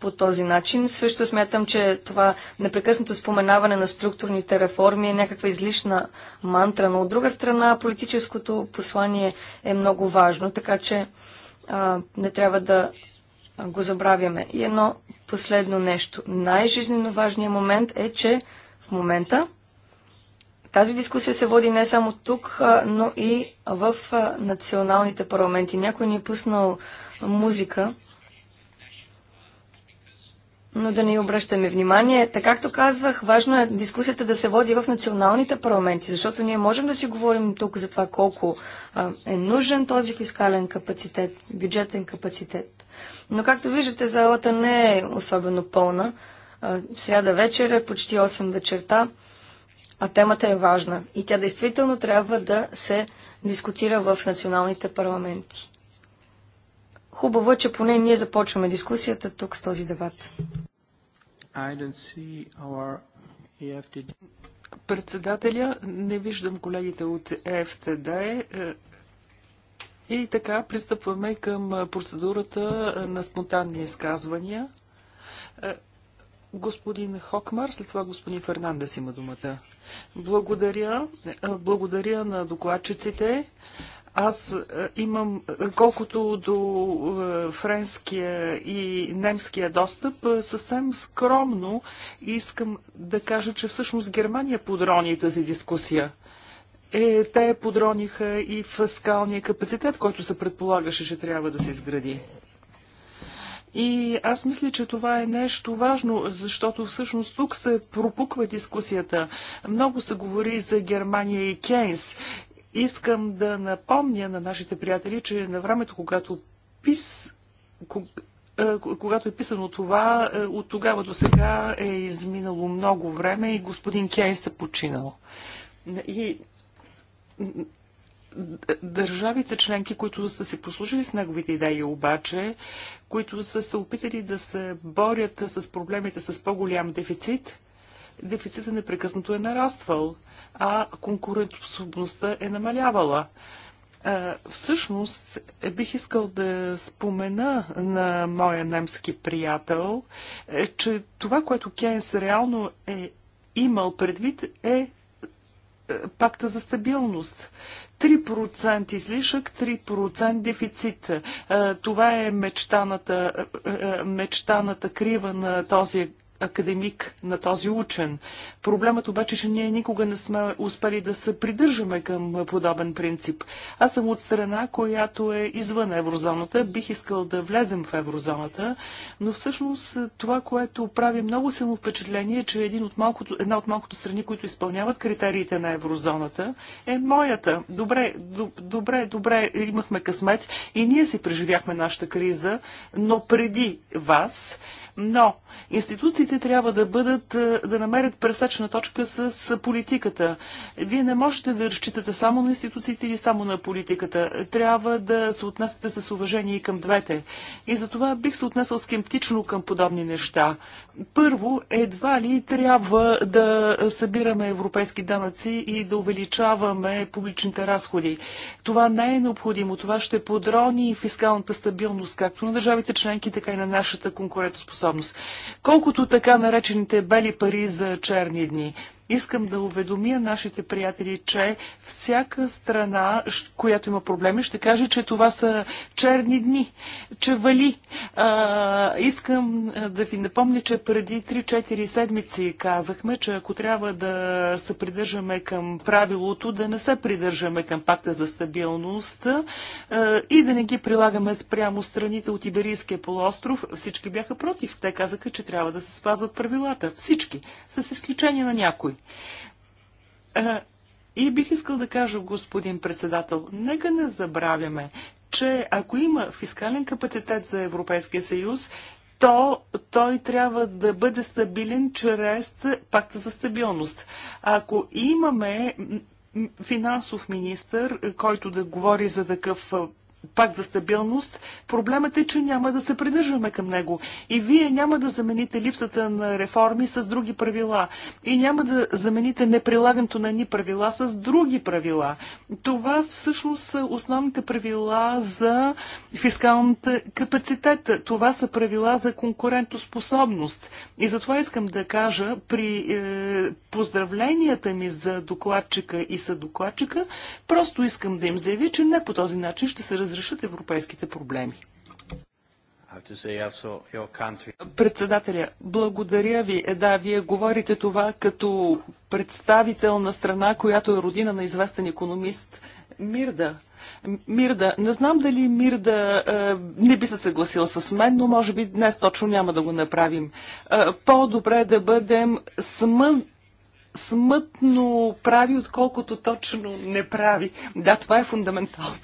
по този начин. Също смятам, че това непрекъснато споменаване на структурните реформи е някаква излишна мантра, но от друга страна политическото послание е много важно, така че а, не трябва да го забравяме. И едно последно нещо. Най-жизненно важният момент е, че в момента тази дискусия се води не само тук, но и в националните парламенти. Някой ни е пуснал музика, но да не обръщаме внимание. Така както казвах, важно е дискусията да се води в националните парламенти, защото ние можем да си говорим тук за това колко е нужен този фискален капацитет, бюджетен капацитет. Но както виждате, залата не е особено пълна. Сряда вечер е почти 8 вечерта а темата е важна и тя действително трябва да се дискутира в националните парламенти. Хубаво е, че поне ние започваме дискусията тук с този дебат. E Председателя, не виждам колегите от e ЕФТД. И така, пристъпваме към процедурата на спонтанни изказвания. Е, Господин Хокмар, след това господин Фернандес има думата. Благодаря. Е, е, благодаря на докладчиците. Аз е, имам, колкото до френския и немския достъп, съвсем скромно искам да кажа, че всъщност Германия подрони тази дискусия. Е, те подрониха и фаскалния капацитет, който се предполагаше, че трябва да се изгради. И аз мисля, че това е нещо важно, защото всъщност тук се пропуква дискусията. Много се говори за Германия и Кейнс. Искам да напомня на нашите приятели, че на времето, когато ПИС, е, когато е писано това, е, от тогава до сега е изминало много време и господин Кейнс е починал. И Държавите членки, които са се послужили с неговите идеи обаче, които са се опитали да се борят с проблемите с по-голям дефицит, дефицита непрекъснато е нараствал, а конкурентоспособността е намалявала. Всъщност, бих искал да спомена на моя немски приятел, е, че това, което Кейнс реално е имал предвид е, е пакта за стабилност. 3% излишък, 3% дефицит. Е, това е мечтаната, е, е, мечтаната крива на този академик, на този учен. Проблемът обаче, че ние никога не сме успели да се придържаме към подобен принцип. Аз съм от страна, която е извън еврозоната, бих искал да влезем в еврозоната, но всъщност това, което прави много силно впечатление, е, че един от малкото, една от малкото страни, които изпълняват критериите на еврозоната, е моята. Добре, добре, добре, имахме късмет и ние си преживяхме нашата криза, но преди вас но институциите трябва да бъдат, е, да намерят пресечна точка с политиката. Вие не можете да разчитате само на институциите или само на политиката. Трябва да се отнесете с уважение и към двете. И за това бих се отнесъл скептично към подобни неща. Първо, едва ли трябва да събираме европейски данъци и да увеличаваме публичните разходи. Това не е необходимо. Това ще подрони фискалната стабилност, както на държавите членки, така и на нашата конкурентоспособност. Колкото така наречените бели пари за черни дни. Искам да уведомя нашите приятели, че всяка страна, която има проблеми, ще каже, че това са черни дни, че вали. А, искам да ви напомня, че преди 3-4 седмици казахме, че ако трябва да се придържаме към правилото, да не се придържаме към пакта за стабилност а, и да не ги прилагаме спрямо страните от Иберийския полуостров, всички бяха против. Те казаха, че трябва да се спазват правилата. Всички, с изключение на някой. А, е, И бих искал да кажа, господин председател, нека не забравяме, че ако има фискален капацитет за Европейския съюз, то той трябва да бъде стабилен чрез пакта за стабилност. Ако имаме финансов министр, който да говори за такъв пак за стабилност, проблемът е, че няма да се придържаме към него. И вие няма да замените липсата на реформи с други правила. И няма да замените неприлагането на ни правила с други правила. Това всъщност са основните правила за фискалната капацитет. Това са правила за конкурентоспособност. И затова искам да кажа при е, поздравленията ми за докладчика и съдокладчика, просто искам да им заявя, че не по този начин ще се развива разрешат европейските проблеми. Председателя, благодаря ви. Е, да, вие говорите това като представител на страна, която е родина на известен економист Мирда. Мирда, не знам дали Мирда е, не би се съгласил с мен, но може би днес точно няма да го направим. Е, по-добре е да бъдем смън, смътно прави, отколкото точно не прави. Да, това е фундаментално.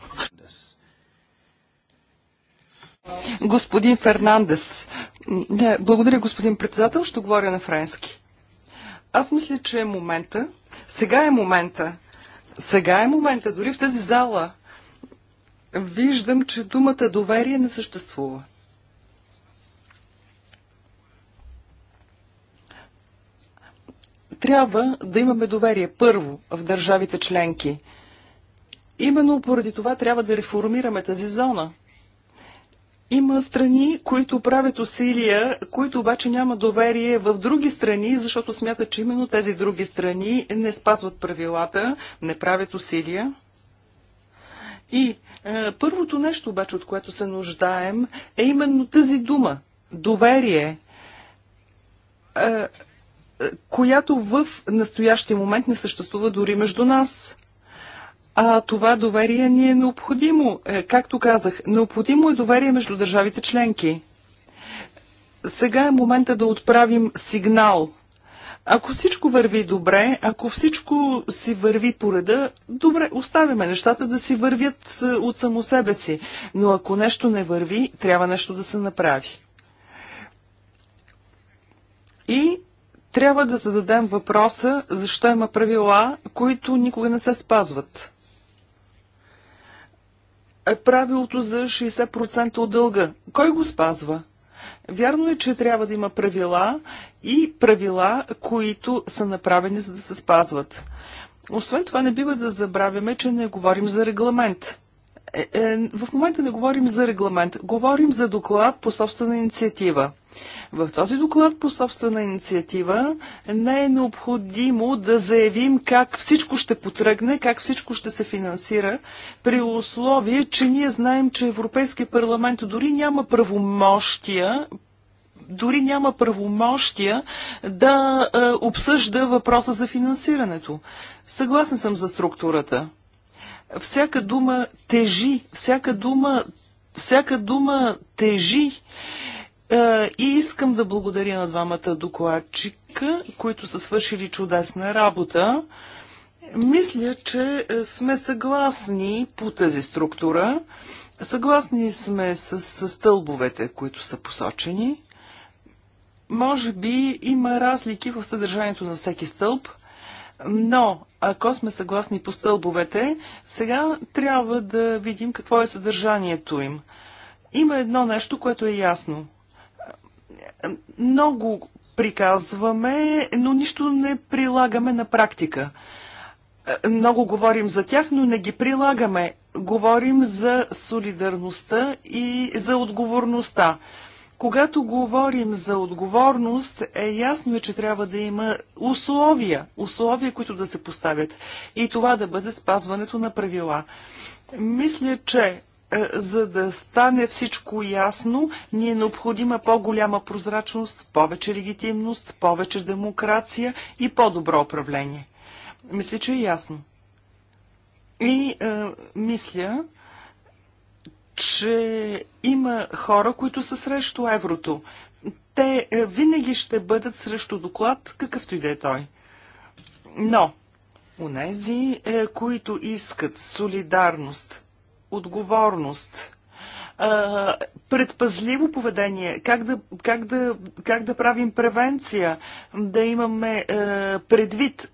Господин Фернандес. Благодаря, господин председател. Ще говоря на френски. Аз мисля, че е момента. Сега е момента. Сега е момента. Дори в тази зала виждам, че думата доверие не съществува. Трябва да имаме доверие първо в държавите членки. Именно поради това трябва да реформираме тази зона. Има страни, които правят усилия, които обаче няма доверие в други страни, защото смятат, че именно тези други страни не спазват правилата, не правят усилия. И е, първото нещо, обаче, от което се нуждаем, е именно тази дума доверие, е, е, която в настоящия момент не съществува дори между нас. А това доверие ни е необходимо. Е, както казах, необходимо е доверие между държавите членки. Сега е момента да отправим сигнал. Ако всичко върви добре, ако всичко си върви по реда, добре, оставяме нещата да си вървят е, от само себе си. Но ако нещо не върви, трябва нещо да се направи. И трябва да зададем въпроса, защо има правила, които никога не се спазват е правилото за 60% от дълга. Кой го спазва? Вярно е, че трябва да има правила и правила, които са направени за да се спазват. Освен това, не бива да забравяме, че не говорим за регламент. Е, е, в момента не говорим за регламент, говорим за доклад по собствена инициатива. В този доклад по собствена инициатива не е необходимо да заявим как всичко ще потръгне, как всичко ще се финансира, при условие, че ние знаем, че Европейския парламент дори няма правомощия дори няма правомощия да е, обсъжда въпроса за финансирането. Съгласен съм за структурата. Всяка дума тежи, всяка дума, всяка дума тежи. Е, и искам да благодаря на двамата докладчика, които са свършили чудесна работа. Мисля, че е, сме съгласни по тази структура. Съгласни сме с, с стълбовете, които са посочени. Може би има разлики в съдържанието на всеки стълб, но, ако сме съгласни по стълбовете, сега трябва да видим какво е съдържанието им. Има едно нещо, което е ясно. Много приказваме, но нищо не прилагаме на практика. Много говорим за тях, но не ги прилагаме. Говорим за солидарността и за отговорността. Когато говорим за отговорност, е ясно, че трябва да има условия, условия, които да се поставят. И това да бъде спазването на правила. Мисля, че е, за да стане всичко ясно, ни е необходима по-голяма прозрачност, повече легитимност, повече демокрация и по-добро управление. Мисля, че е ясно. И е, мисля, че има хора, които са срещу еврото. Те е, винаги ще бъдат срещу доклад, какъвто и да е той. Но, унези, е, които искат солидарност, отговорност, е, предпазливо поведение, как да, как да, как да правим превенция, да имаме предвид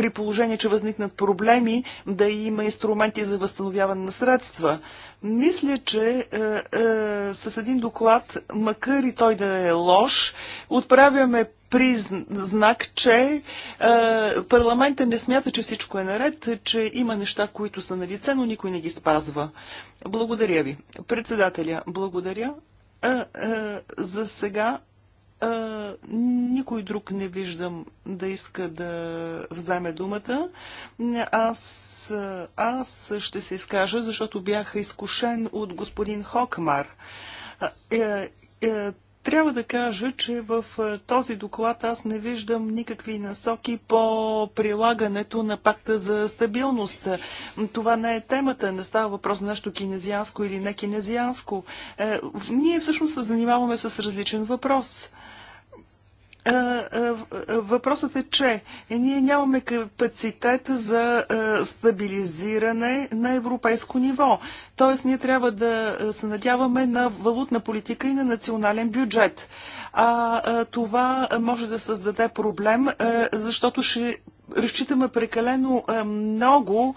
при положение, че възникнат проблеми, да има инструменти за възстановяване на средства. Мисля, че е, е, с един доклад, макар и той да е лош, отправяме признак, че е, парламента не смята, че всичко е наред, че има неща, които са на лице, но никой не ги спазва. Благодаря ви. Председателя, благодаря. Е, е, за сега а, никой друг не виждам да иска да вземе думата. Аз, аз ще се изкажа, защото бях изкушен от господин Хокмар. А, е, е, трябва да кажа, че в е, този доклад аз не виждам никакви насоки по прилагането на пакта за стабилност. Това не е темата, не става въпрос за нещо кинезианско или не кинезианско. Е, ние всъщност се занимаваме с различен въпрос. Въпросът е, че ние нямаме капацитета за стабилизиране на европейско ниво. Тоест, ние трябва да се надяваме на валутна политика и на национален бюджет. А това може да създаде проблем, защото ще разчитаме прекалено много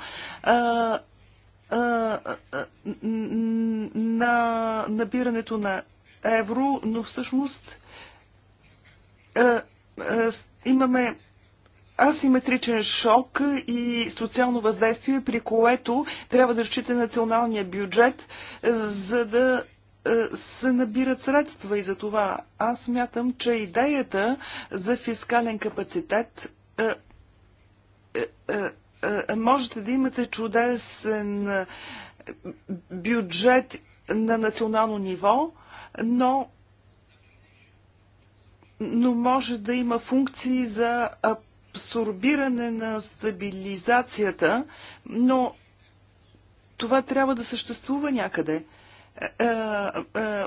на набирането на евро, но всъщност е, е, имаме асиметричен шок и социално въздействие, при което трябва да разчита националния бюджет, за да е, се набират средства и за това аз смятам, че идеята за фискален капацитет можете да имате чудесен бюджет на национално ниво, но но може да има функции за абсорбиране на стабилизацията, но това трябва да съществува някъде е, е, е,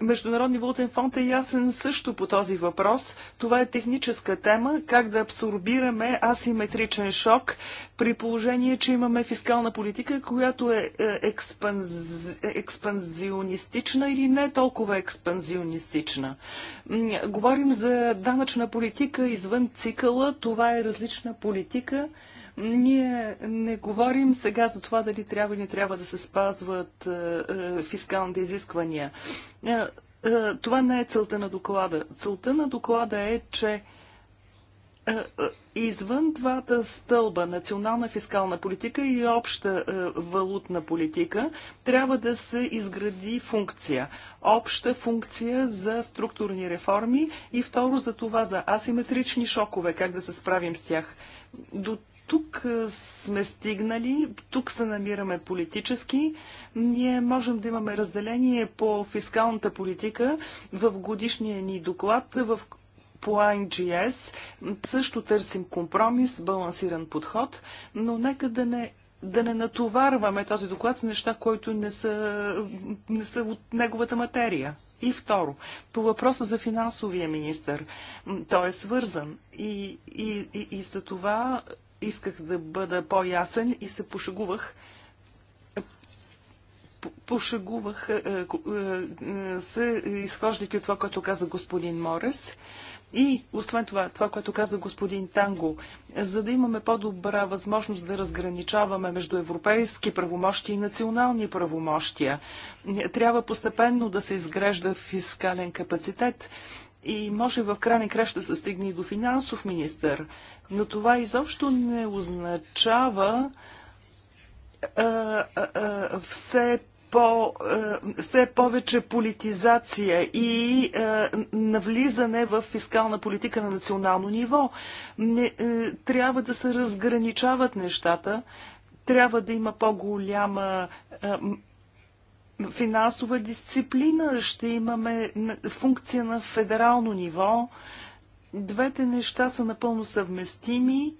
Международния валутен фонд е ясен също по този въпрос. Това е техническа тема, как да абсорбираме асиметричен шок при положение, че имаме фискална политика, която е, е експанз... Е, експанзионистична или не толкова експанзионистична. Говорим за данъчна политика извън цикъла. Това е различна политика. Ние не говорим сега за това дали трябва или не трябва да се спазват е, е, фискалните изисквания. Е, това не е целта на доклада. Целта на доклада е, че Извън двата стълба национална фискална политика и обща валутна политика трябва да се изгради функция. Обща функция за структурни реформи и второ за това за асиметрични шокове, как да се справим с тях. До тук сме стигнали, тук се намираме политически. Ние можем да имаме разделение по фискалната политика в годишния ни доклад, в по INGS. Също търсим компромис, балансиран подход, но нека да не да не натоварваме този доклад с неща, които не са, не са от неговата материя. И второ, по въпроса за финансовия министр. Той е свързан и, и, и, и за това исках да бъда по-ясен и се пошегувах. Пошегувах е, е, е, се, изхождайки от това, което каза господин Морес. И освен това, това, което каза господин Танго, за да имаме по-добра възможност да разграничаваме между европейски правомощи и национални правомощия, трябва постепенно да се изгрежда фискален капацитет и може в крайна краща да се стигне и до финансов министър. Но това изобщо не означава а, а, а, все по, все повече политизация и навлизане в фискална политика на национално ниво. Не, трябва да се разграничават нещата, трябва да има по-голяма финансова дисциплина, ще имаме функция на федерално ниво. Двете неща са напълно съвместими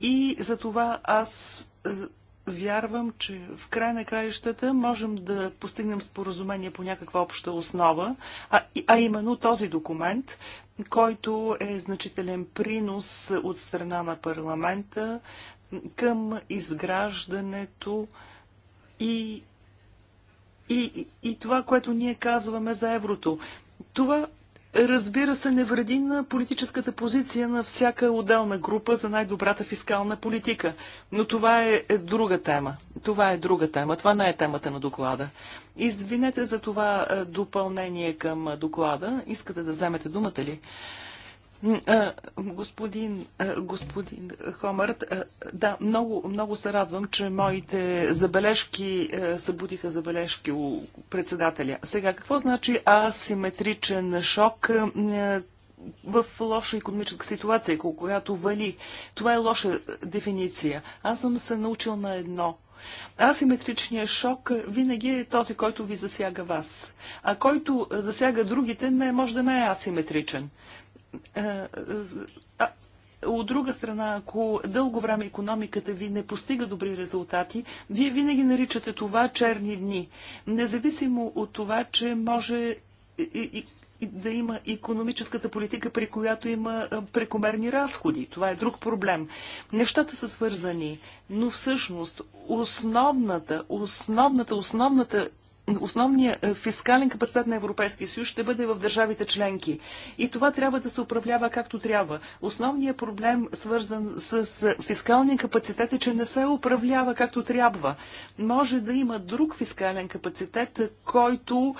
и за това аз е, вярвам, че в край на краищата можем да постигнем споразумение по някаква обща основа, а, а именно този документ, който е значителен принос от страна на парламента към изграждането и и, и това, което ние казваме за еврото. Това, разбира се, не вреди на политическата позиция на всяка отделна група за най-добрата фискална политика. Но това е, е друга тема. Това е друга тема. Това не е темата на доклада. Извинете за това е, допълнение към е, доклада. Искате да вземете думата ли? Господин, господин Хомърт, да, много, много се радвам, че моите забележки събудиха забележки у председателя. Сега, какво значи асиметричен шок? в лоша економическа ситуация, когато вали. Това е лоша дефиниция. Аз съм се научил на едно. Асиметричният шок винаги е този, който ви засяга вас. А който засяга другите, не може да не е асиметричен. Е, от друга страна, ако дълго време економиката ви не постига добри резултати, вие винаги наричате това черни дни. Независимо от това, че може да има економическата политика, при която има прекомерни разходи. Това е друг проблем. Нещата са свързани, но всъщност основната, основната, основната основният е, фискален капацитет на Европейския съюз ще бъде в държавите членки. И това трябва да се управлява както трябва. Основният проблем, свързан с е, фискалния капацитет, е, че не се управлява както трябва. Може да има друг фискален капацитет, е, който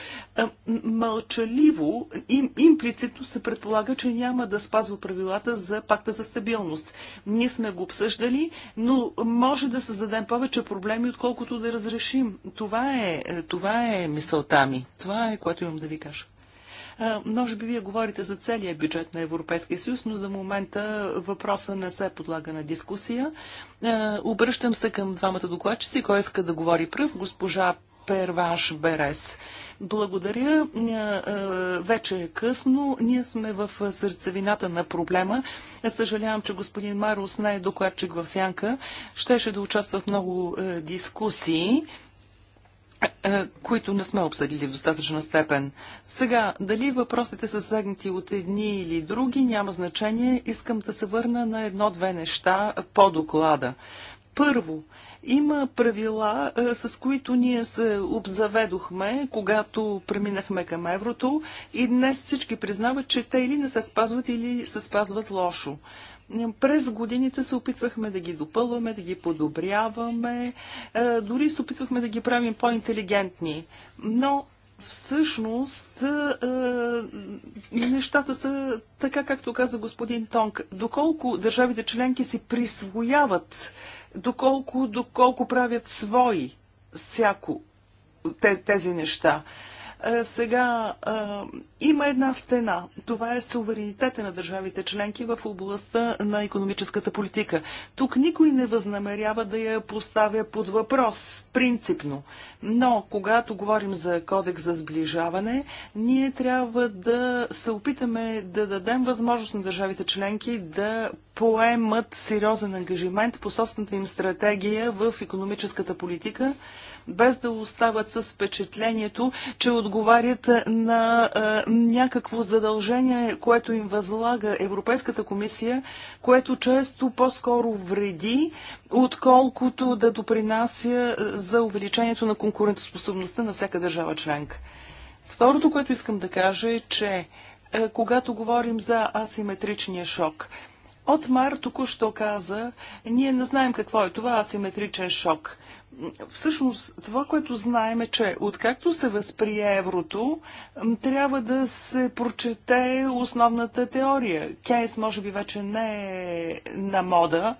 мълчаливо, им, имплицитно се предполага, че няма да спазва правилата за пакта за стабилност. Ние сме го обсъждали, но може да създадем повече проблеми, отколкото да разрешим. Това е, това това е мисълта ми. Това е, което имам да ви кажа. Може би вие говорите за целият бюджет на Европейския съюз, но за момента въпроса не се подлага на дискусия. Обръщам се към двамата докладчици, кой иска да говори пръв, госпожа Перваш Берес. Благодаря. Вече е късно. Ние сме в сърцевината на проблема. Съжалявам, че господин Марус не е докладчик в сянка. Щеше да участва в много дискусии е, които не сме обсъдили в достатъчна степен. Сега, дали въпросите са сегнати от едни или други, няма значение. Искам да се върна на едно-две неща по доклада. Първо, има правила, е, с които ние се обзаведохме, когато преминахме към еврото и днес всички признават, че те или не се спазват, или се спазват лошо. През годините се опитвахме да ги допълваме, да ги подобряваме, е, дори се опитвахме да ги правим по-интелигентни. Но всъщност е, е, нещата са така, както каза господин Тонк. Доколко държавите членки си присвояват, доколко, доколко правят свои всяко тези неща. Сега има една стена. Това е суверенитета на държавите членки в областта на економическата политика. Тук никой не възнамерява да я поставя под въпрос принципно. Но когато говорим за кодекс за сближаване, ние трябва да се опитаме да дадем възможност на държавите членки да поемат сериозен ангажимент по собствената им стратегия в економическата политика без да остават с впечатлението, че отговарят на е, някакво задължение, което им възлага Европейската комисия, което често по-скоро вреди, отколкото да допринася за увеличението на конкурентоспособността на всяка държава членка. Второто, което искам да кажа е, че е, когато говорим за асиметричния шок, от Мар току-що каза, ние не знаем какво е това асиметричен шок. Всъщност, това, което знаем е, че откакто се възприе еврото, трябва да се прочете основната теория. Кейс може би вече не е на мода,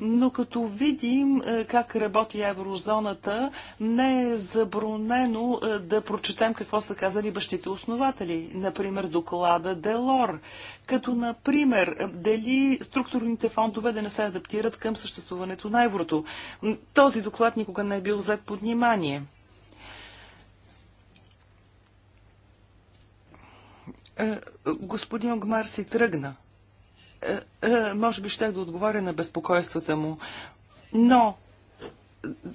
но като видим е, как работи еврозоната, не е забронено е, да прочетем какво са казали бащите основатели. Например, доклада Делор, като например дали структурните фондове да не се адаптират към съществуването на еврото. Този доклад ни никога не е бил взет под внимание. Е, господин Огмар си тръгна. Е, е, може би щех да отговоря на безпокойствата му, но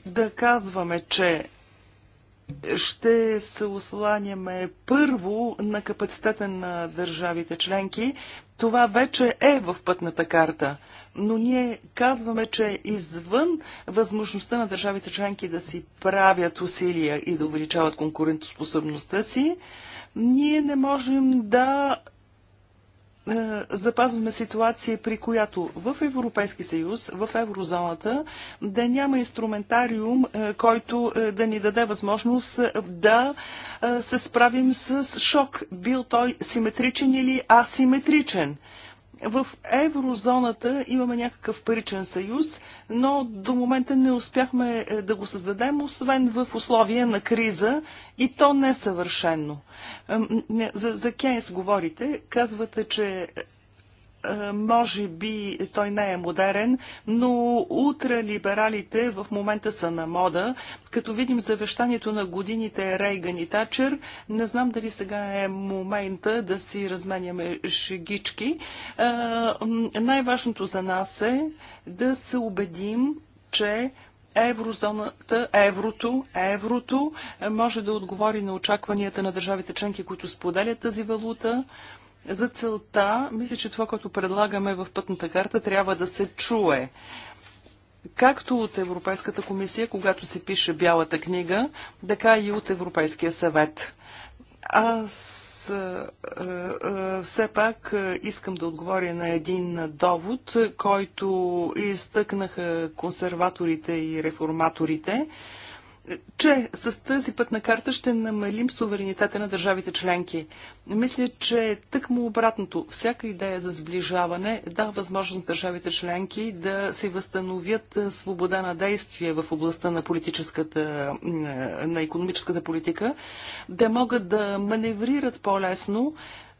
да казваме, че ще се осланяме първо на капацитета на държавите членки. Това вече е в пътната карта. Но ние казваме, че извън възможността на държавите членки да си правят усилия и да увеличават конкурентоспособността си, ние не можем да е, запазваме ситуация, при която в Европейски съюз, в еврозоната, да няма инструментариум, е, който е, да ни даде възможност да се справим с шок, бил той симетричен или асиметричен. В еврозоната имаме някакъв паричен съюз, но до момента не успяхме е, да го създадем, освен в условия на криза и то несъвършено. За, за Кейнс говорите, казвате, че е, е, може би той не е модерен, но ултралибералите в момента са на мода. Като видим завещанието на годините Рейган и Тачер, не знам дали сега е момента да си разменяме шегички. Е, най-важното за нас е да се убедим, че еврозоната, еврото, еврото е, може да отговори на очакванията на държавите членки, които споделят тази валута. За целта, мисля, че това, което предлагаме в пътната карта, трябва да се чуе както от Европейската комисия, когато се пише Бялата книга, така и от Европейския съвет. Аз а, а, все пак искам да отговоря на един довод, който изтъкнаха консерваторите и реформаторите. А, че с тази пътна карта ще намалим суверенитета на държавите членки. Мисля, че тъкмо обратното. Всяка идея за сближаване дава възможност държавите членки да се възстановят свобода на действие в областта на политическата, на економическата политика, да могат да маневрират по-лесно,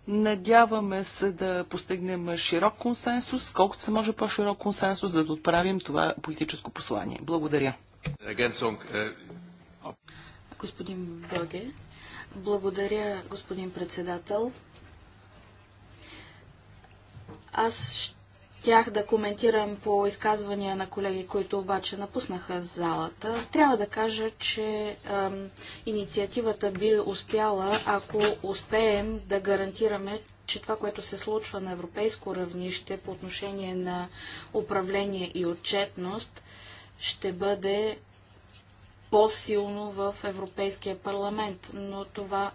Надяваме се да постигнем широк консенсус, колкото се може по-широк консенсус, за да отправим това политическо послание. Благодаря. Господин Боге, благодаря, господин председател. Аз щях да коментирам по изказвания на колеги, които обаче напуснаха залата. Трябва да кажа, че е, инициативата би успяла, ако успеем да гарантираме, че това, което се случва на европейско равнище по отношение на управление и отчетност, ще бъде по-силно в Европейския парламент, но това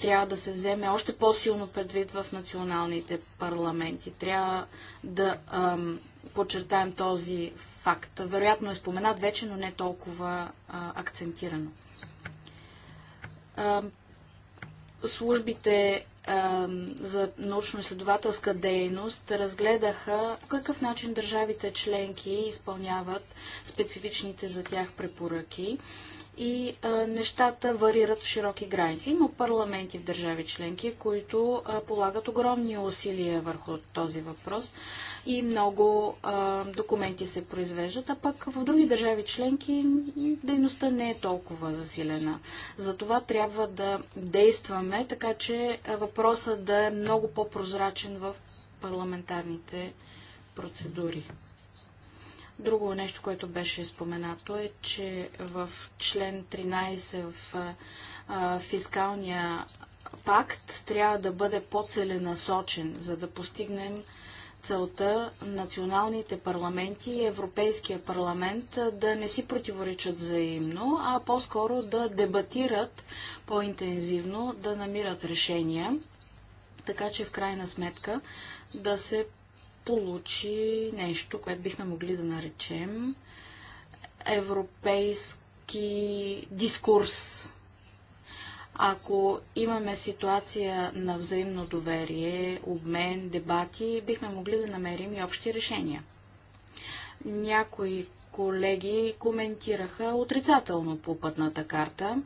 трябва да се вземе още по-силно предвид в националните парламенти. Трябва да ам, подчертаем този факт. Вероятно е споменат вече, но не толкова а, акцентирано. А, службите за научно-изследователска дейност разгледаха по какъв начин държавите членки изпълняват специфичните за тях препоръки и нещата варират в широки граници. Има парламенти в държави членки, които полагат огромни усилия върху този въпрос и много а, документи се произвеждат, а пък в други държави членки дейността не е толкова засилена. Затова трябва да действаме, така че въпросът да е много по-прозрачен в парламентарните процедури. Друго нещо, което беше споменато е, че в член 13 в а, фискалния пакт трябва да бъде по-целенасочен, за да постигнем целта националните парламенти и Европейския парламент да не си противоречат взаимно, а по-скоро да дебатират по-интензивно, да намират решения, така че в крайна сметка да се получи нещо, което бихме могли да наречем европейски дискурс ако имаме ситуация на взаимно доверие, обмен, дебати, бихме могли да намерим и общи решения. Някои колеги коментираха отрицателно по пътната карта.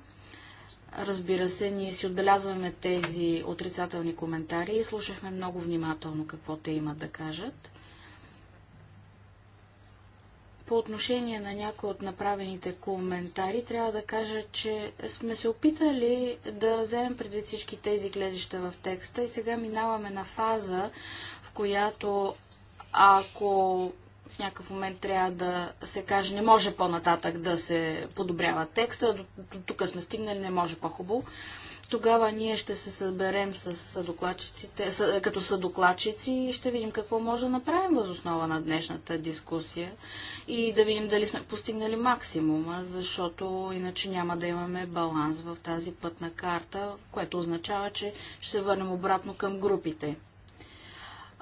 Разбира се, ние си отбелязваме тези отрицателни коментари и слушахме много внимателно какво те имат да кажат. По отношение на някои от направените коментари, трябва да кажа, че сме се опитали да вземем преди всички тези гледища в текста и сега минаваме на фаза, в която ако в някакъв момент трябва да се каже, не може по-нататък да се подобрява текста, до, до тук сме стигнали, не може по-хубаво. Тогава ние ще се съберем с докладчиците, като съдокладчици и ще видим какво може да направим въз основа на днешната дискусия и да видим дали сме постигнали максимума, защото иначе няма да имаме баланс в тази пътна карта, което означава, че ще се върнем обратно към групите.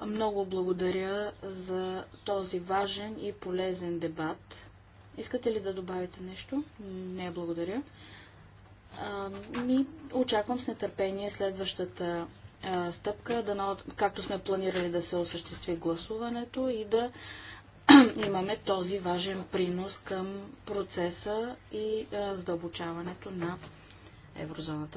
Много благодаря за този важен и полезен дебат. Искате ли да добавите нещо? Не, благодаря. Ми очаквам с нетърпение следващата а, стъпка, да, както сме планирали да се осъществи гласуването и да имаме този важен принос към процеса и а, задълбочаването на еврозоната.